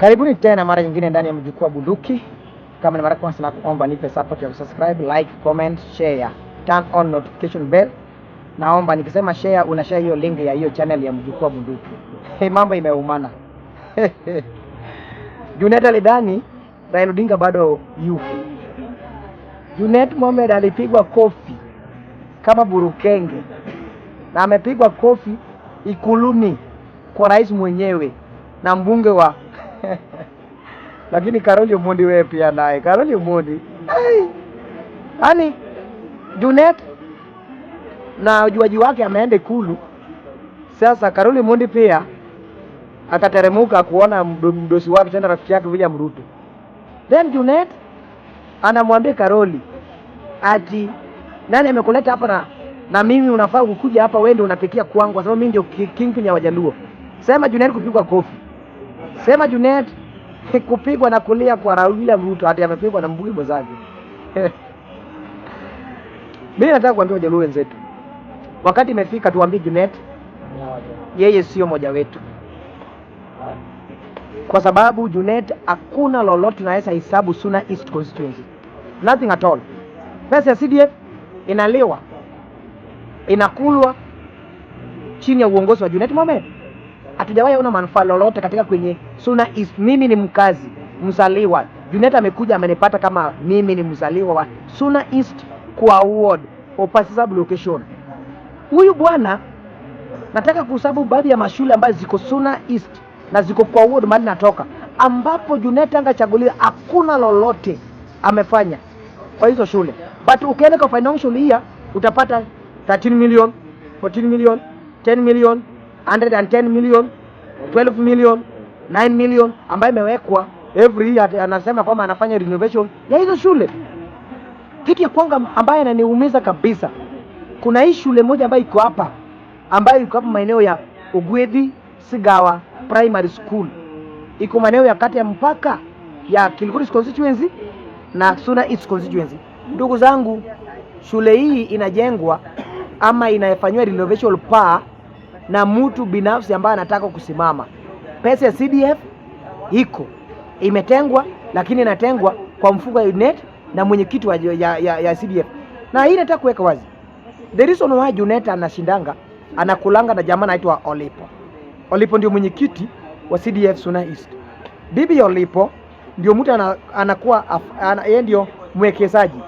Karibuni tena mara nyingine ndani ya Mjukuu Bunduki. Kama ni mara kwa sana, kuomba nipe support ya subscribe, like, comment, share, turn on notification bell. Naomba nikisema share, una share hiyo link ya hiyo channel ya Mjukuu Bunduki. Hey, mambo imeumana Junet alidhani Raila Odinga bado yupo. Junet Mohamed alipigwa kofi kama burukenge na amepigwa kofi Ikuluni kwa rais mwenyewe na mbunge wa lakini Karoli Omondi wewe pia naye Karoli Omondi yaani Junet na ujuaji wake ameenda Ikulu. Sasa Karoli Omondi pia akateremuka kuona mdosi wake tena rafiki yake William Ruto, then Junet anamwambia Karoli ati nani amekuleta hapa na na mimi unafaa kukuja hapa wewe ndio unapikia kwangu, kwa sababu mimi ndio kingpin ya Wajaluo. Sema Junet kupigwa kofi. Sema Junet kupigwa na kulia kwa Raila Ruto, hata amepigwa na mbui mwenzake. Mimi nataka kuambia wajaluo wenzetu, wakati imefika tuambie Junet yeye sio moja wetu, kwa sababu Junet hakuna lolote naweza hesabu Suna East constituency, nothing at all. Pesa ya CDF inaliwa inakulwa chini ya uongozi wa Junet Mohamed hatujawahi ona manufaa lolote katika kwenye suna is mimi ni mkazi mzaliwa. Junet amekuja amenipata kama mimi ni mzaliwa wa Suna East kwa ward for passable location. Huyu bwana nataka kuhesabu baadhi ya mashule ambazo ziko Suna East na ziko kwa ward mali natoka, ambapo Junet angachaguliwa hakuna lolote amefanya kwa hizo shule, but ukienda kwa financial year utapata 13 million, 14 million, 10 million 110 million, 12 million, 9 million ambayo imewekwa every year, anasema kwamba anafanya renovation ya hizo shule. Kitu ya kwanza ambayo ananiumiza kabisa, kuna hii shule moja ambayo iko hapa ambayo iko hapa maeneo ya Ugwethi Sigawa Primary School, iko maeneo ya kati ya mpaka ya Kilgoris constituency na Suna East constituency. Ndugu zangu, shule hii inajengwa ama inafanywa renovation pa na mtu binafsi ambaye anataka kusimama. Pesa ya CDF iko imetengwa, lakini inatengwa kwa mfuko wa UNET na mwenyekiti ya, ya, ya CDF, na hii nataka kuweka wazi the reason why UNET anashindanga anakulanga na jamaa anaitwa Olipo. Olipo ndio mwenyekiti wa CDF Suna East. Bibi Olipo ndio mtu anakuwa yeye ndio mwekezaji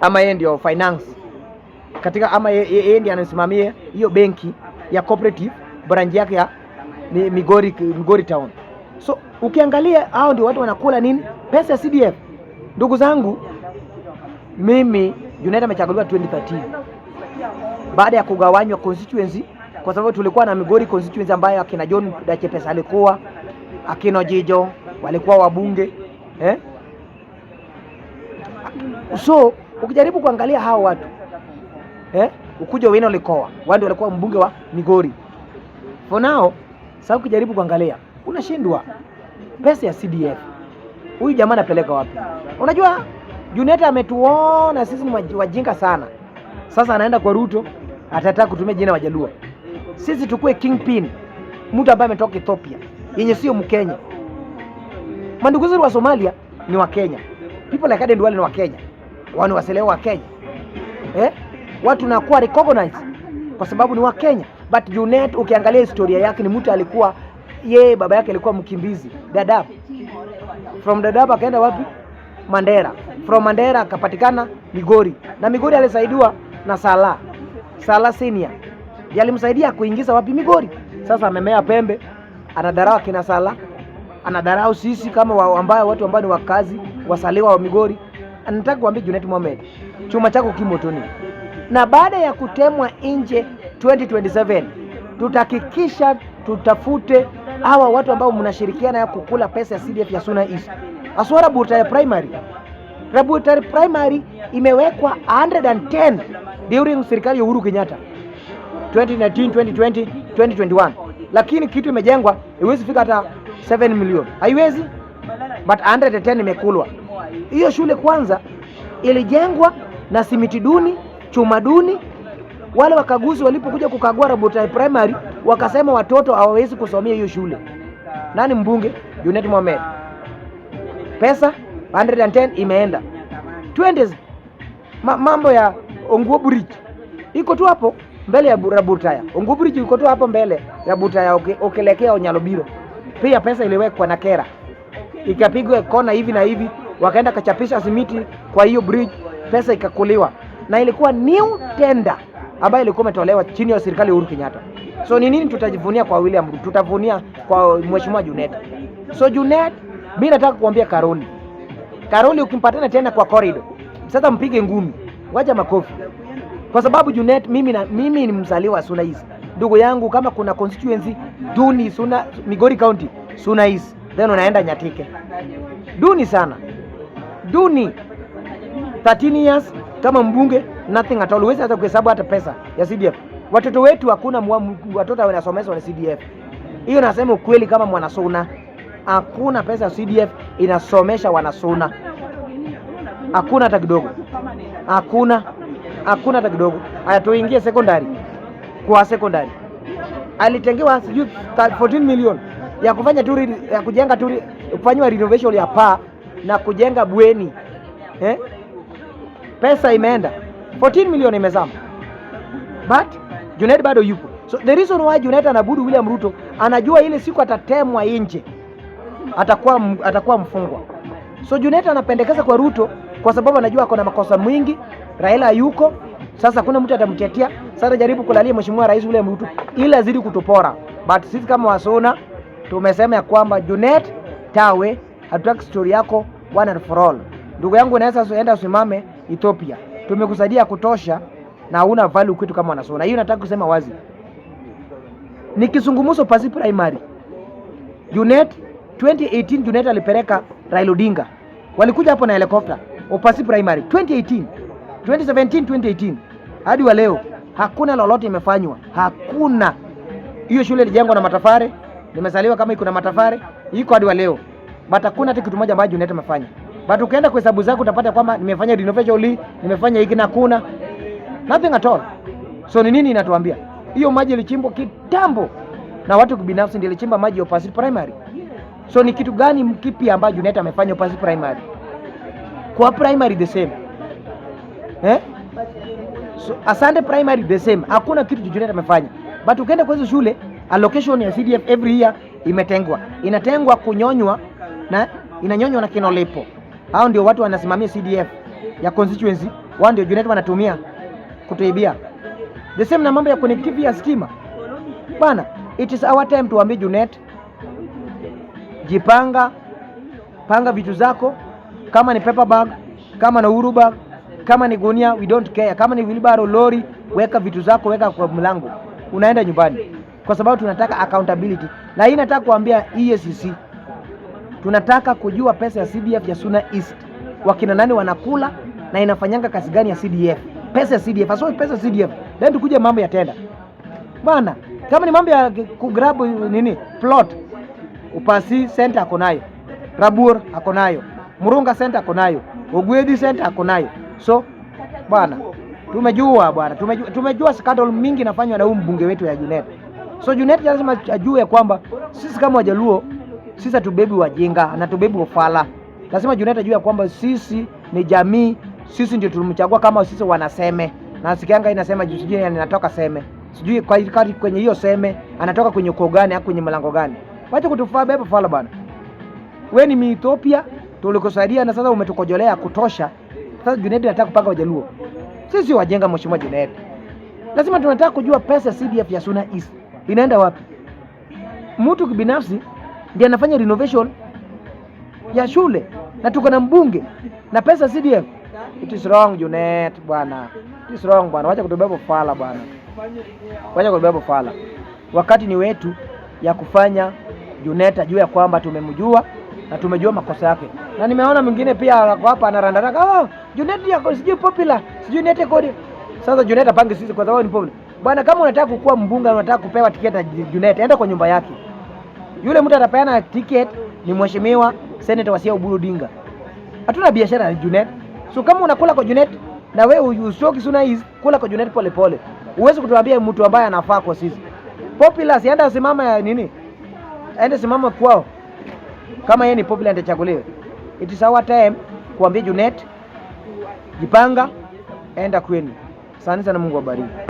ama yeye ndio finance katika ama yeye ndio anasimamia hiyo benki ya cooperative branch yake ya ni Migori, Migori town. So ukiangalia hao ndio watu wanakula nini pesa ya CDF. Ndugu zangu, mimi Junet amechaguliwa 2013 baada ya kugawanywa constituency, kwa sababu tulikuwa na Migori constituency ambayo akina John Dache pesa alikuwa akina Jijo walikuwa wabunge eh? So ukijaribu kuangalia hao watu eh? ukuja Owino Lekoa, wao ndio walikuwa mbunge wa Migori. For now, sasa ukijaribu kuangalia unashindwa, pesa ya CDF huyu jamaa anapeleka wapi? Unajua Juneta ametuona sisi ni wajinga sana. Sasa anaenda kwa Ruto, atataka kutumia jina Wajaluo, sisi tukue kingpin, mtu ambaye ametoka Ethiopia yenye sio Mkenya. Mandugu zetu wa Somalia ni wa Kenya, people like Aden Duale ni wa Kenya, wani wa Kenya eh? watu nakuwa recognize kwa sababu ni Wakenya. But Junet ukiangalia historia yake ni mtu alikuwa yeye, baba yake alikuwa mkimbizi Dadaab, from Dadaab akaenda wapi? Mandera, from Mandera akapatikana Migori, na Migori alisaidiwa na Sala Sala Senior yalimsaidia kuingiza wapi? Migori. Sasa amemea pembe, anadharau kina Sala, anadharau sisi kama wa ambao watu ambao ni wakazi wasaliwa wa Migori. Anataka kuambia Junet Mohamed, chuma chako kimotoni na baada ya kutemwa nje 2027 tutahakikisha tutafute hawa watu ambao mnashirikiana ya kukula pesa ya CDF ya Suna East aswa Rabuta ya primary. Rabuta ya primary imewekwa 110 during serikali ya Uhuru Kenyatta 2019, 2020, 2021, lakini kitu imejengwa iwezi fika hata 7 milioni haiwezi, but 110 imekulwa. Hiyo shule kwanza ilijengwa na simiti duni chuma duni. Wale wakaguzi walipokuja kukagua Rabotai Primary wakasema watoto hawawezi kusomea hiyo shule. Nani mbunge? Junet Mohamed. Pesa 110 imeenda. Twende Ma, mambo ya Onguo Bridge iko tu hapo mbele ya Rabutaya. Onguo Bridge iko tu hapo mbele Rabutaya ukielekea Onyalobiro. Pia pesa iliwekwa na kera ikapigwa kona hivi na hivi, wakaenda kachapisha simiti kwa hiyo bridge, pesa ikakuliwa na ilikuwa new tender ambayo ilikuwa imetolewa chini ya serikali Uhuru Kenyatta. So ni nini tutajivunia kwa William, tutavunia kwa mheshimiwa Junet. So Junet, mimi nataka kuambia Karoli, Karoli ukimpatana tena kwa corridor sasa, mpige ngumi, waja makofi, kwa sababu Junet, mimi na mimi ni mzaliwa Suna East, ndugu yangu. Kama kuna constituency duni Suna Migori County, Suna East, then unaenda Nyatike, duni sana, duni 13 years kama mbunge nothing at all, huwezi hata kuhesabu hata pesa ya CDF. Watoto wetu hakuna watoto wanasomeshwa na CDF. Hiyo nasema ukweli kama mwanasuna, hakuna pesa ya CDF inasomesha wanasuna, hakuna hata kidogo, hakuna hakuna hata kidogo. Haya, tuingie sekondari. Kwa sekondari alitengewa sijui 14 million ya kufanya turi, ya kujenga turi, kufanywa renovation ya paa na kujenga bweni eh? pesa imeenda 14 milioni imezama, but Junet bado yupo. So the reason why Junet anabudu William Ruto, anajua ile siku atatemwa nje, atakuwa atakuwa mfungwa. So Junet anapendekeza kwa Ruto kwa sababu anajua ako na makosa mwingi, Raila yuko sasa, kuna mtu atamtetea sasa. Jaribu kulalia mheshimiwa rais William Ruto ili azidi kutupora, but sisi kama Wasona tumesema ya kwamba Junet Tawe, hatutaki story yako one and for all. Ndugu yangu, unaweza enda usimame Ethiopia, tumekusaidia kutosha na hauna value kwetu kama na Hiyo nataka kusema wazi, ni kizungumzo pasi primary. unit 2018 Junet alipeleka Raila Odinga, walikuja hapo na helikopta opasi primary 2018 2017 2018 hadi wa leo hakuna lolote imefanywa, hakuna. Hiyo shule ilijengwa na matafare, nimezaliwa kama iko na matafare, iko hadi wa leo, but hakuna hata kitu moja ambacho Junet amefanya. But ukienda kwa hesabu zako utapata kwamba nimefanya renovation, li nimefanya hiki na kuna nothing at all. So ni nini inatuambia? Hiyo maji ilichimbwa kitambo na watu kibinafsi, ndio ilichimba maji ya Primary. So ni kitu gani kipi ambacho UNETA amefanya Upasi Primary? Kwa primary the same. Eh? So, Asante primary the same. Hakuna kitu UNETA amefanya. But ukienda kwa hizo shule allocation ya CDF every year imetengwa. Inatengwa kunyonywa na inanyonywa na kinolepo. Hao ndio watu wanasimamia CDF ya constituency, wao ndio Junet wanatumia kutuibia the same na mambo ya connectivity ya stima bana. It is our time ambie Junet, jipanga panga vitu zako, kama ni paper bag, kama na uruba, kama ni gunia, we don't care. Kama ni wilibaro lori, weka vitu zako, weka kwa mlango, unaenda nyumbani, kwa sababu tunataka accountability, na hii nataka kuambia EACC tunataka kujua pesa ya CDF ya Suna East wakina nani wanakula na inafanyanga kazi gani ya CDF, pesa ya CDF aso pesa ya CDF. Then tukuje mambo ya tenda bwana, kama ni mambo ya kugrab nini plot, Upasi center ako nayo, Rabur ako nayo, Murunga center ako nayo, Ogwedi center ako nayo. So bwana, tumejua bwana, tumejua, tumejua scandal mingi inafanywa na huyu mbunge wetu ya Junet. So Junet lazima ajue kwamba sisi kama Wajaluo sisi hatubebi wajinga na tubebi ufala. Lazima Juneta juu ya kwamba sisi ni jamii, sisi ndio tulimchagua kama sisi wanaseme. Na sikianga inasema sijui anatoka seme, sijui kwa ikati kwenye hiyo seme anatoka kwenye ukoo gani au kwenye mlango gani? Wacha kutufaa bebe fala bwana, Wewe ni Ethiopia tulikusaidia na sasa umetukojolea kutosha. Sasa Juneta anataka kupanga wajaluo. Sisi wajenga, mheshimiwa Juneta. Lazima tunataka kujua pesa CDF ya Suna East inaenda wapi? Mtu kibinafsi ndiye anafanya renovation ya shule na tuko na mbunge na pesa CDF. It is wrong Junet bwana, it is wrong bwana, wacha kutubeba bofala bwana, wacha kutubeba bofala. Wakati ni wetu ya kufanya Junet ajue ya kwamba tumemjua na tumejua makosa yake, na nimeona mwingine pia ako hapa anarandaraka, oh, Junet yako sijui popular sijui net code. Sasa Junet apange sisi kwa sababu ni popular bwana. Kama unataka kukuwa mbunge, unataka kupewa tiketi na Junet, enda kwa nyumba yake. Yule mtu atapeana ticket ni mheshimiwa Senator Wasia Oburu Odinga. Hatuna biashara na Junet. So kama unakula kwa Junet na wewe usoki suna hizi kula kwa Junet pole pole. Uwezi kutuambia mtu ambaye anafaa kwa sisi. Popular si aenda simama ya nini? Aende simama kwao. Kama yeye ni popular atachaguliwe. It is our time kuambia Junet jipanga, enda kwenu. Sana sana, Mungu awabariki.